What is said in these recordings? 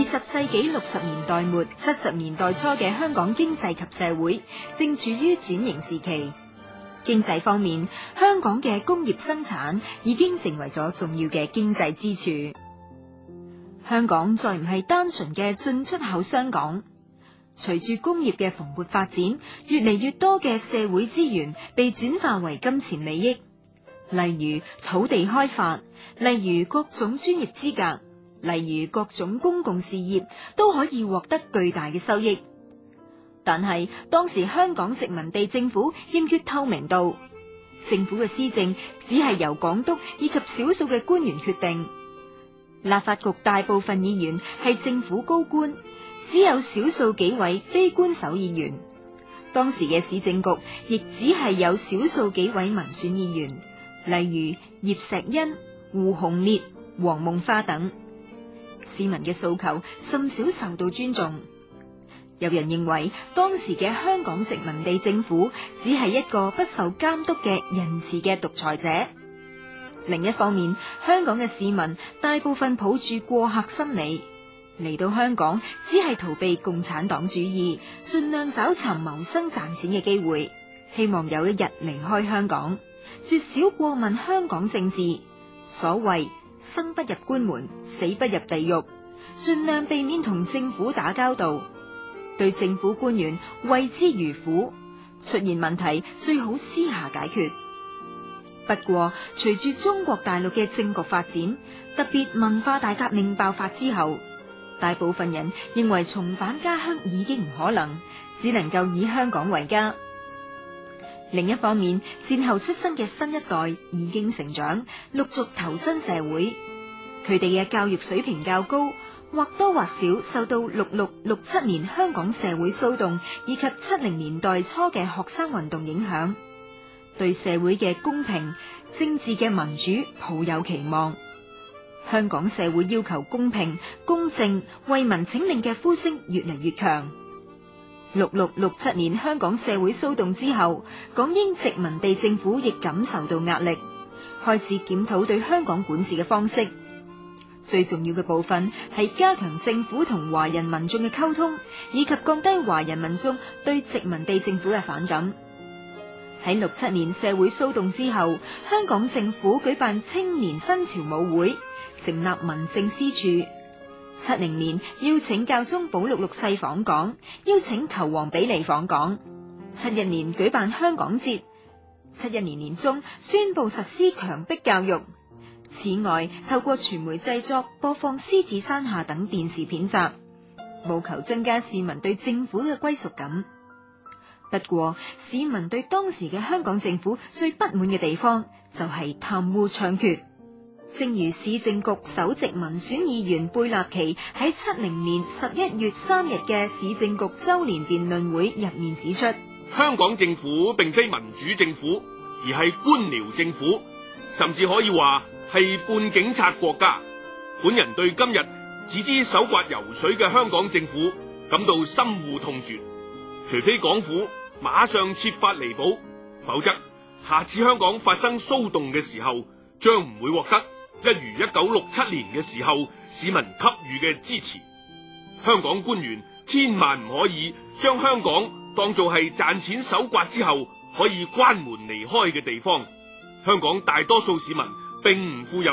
二十世紀六十年代末、七十年代初嘅香港經濟及社會正處於轉型時期。經濟方面，香港嘅工業生產已經成為咗重要嘅經濟支柱。香港再唔係單純嘅進出口商港，隨住工業嘅蓬勃發展，越嚟越多嘅社會資源被轉化為金錢利益，例如土地開發，例如各種專業資格。例如各種公共事業都可以獲得巨大嘅收益，但係當時香港殖民地政府欠缺透明度，政府嘅施政只係由港督以及少數嘅官員決定。立法局大部分議員係政府高官，只有少數幾位非官守議員。當時嘅市政局亦只係有少數幾位民選議員，例如葉錫恩、胡鴻烈、黃夢花等。市民嘅訴求甚少受到尊重，有人認為當時嘅香港殖民地政府只係一個不受監督嘅仁慈嘅獨裁者。另一方面，香港嘅市民大部分抱住過客心理嚟到香港，只係逃避共產黨主義，盡量找尋謀生賺錢嘅機會，希望有一日離開香港，絕少過問香港政治。所謂。生不入官門，死不入地獄，盡量避免同政府打交道，對政府官員畏之如虎。出現問題最好私下解決。不過，隨住中國大陸嘅政局發展，特別文化大革命爆發之後，大部分人認為重返家鄉已經唔可能，只能夠以香港為家。另一方面，戰後出生嘅新一代已經成長，陸續投身社會。佢哋嘅教育水平較高，或多或少受到六六六七年香港社會騷動以及七零年代初嘅學生運動影響，對社會嘅公平、政治嘅民主抱有期望。香港社會要求公平、公正、為民請命嘅呼聲越嚟越強。六六六七年香港社會騷動之後，港英殖民地政府亦感受到壓力，開始檢討對香港管治嘅方式。最重要嘅部分係加強政府同華人民眾嘅溝通，以及降低華人民眾對殖民地政府嘅反感。喺六七年社會騷動之後，香港政府舉辦青年新潮舞會，成立民政司署。七零年邀請教宗保六六世訪港，邀請球王比利訪港。七一年舉辦香港節。七一年年中宣布實施強迫教育。此外，透過傳媒製作播放《獅子山下》等電視片集，務求增加市民對政府嘅歸屬感。不過，市民對當時嘅香港政府最不滿嘅地方就係貪污猖獗。正如市政局首席民選議員貝納祺喺七零年十一月三日嘅市政局周年辯論會入面指出，香港政府並非民主政府，而係官僚政府，甚至可以話係半警察國家。本人對今日只知搜刮油水嘅香港政府感到深惡痛絕。除非港府馬上設法彌補，否則下次香港發生騷動嘅時候，將唔會獲得。一如一九六七年嘅時候，市民給予嘅支持，香港官員千萬唔可以將香港當做係賺錢搜刮之後可以關門離開嘅地方。香港大多數市民並唔富有，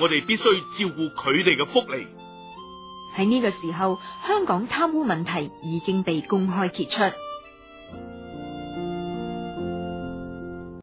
我哋必須照顧佢哋嘅福利。喺呢個時候，香港貪污問題已經被公開揭出。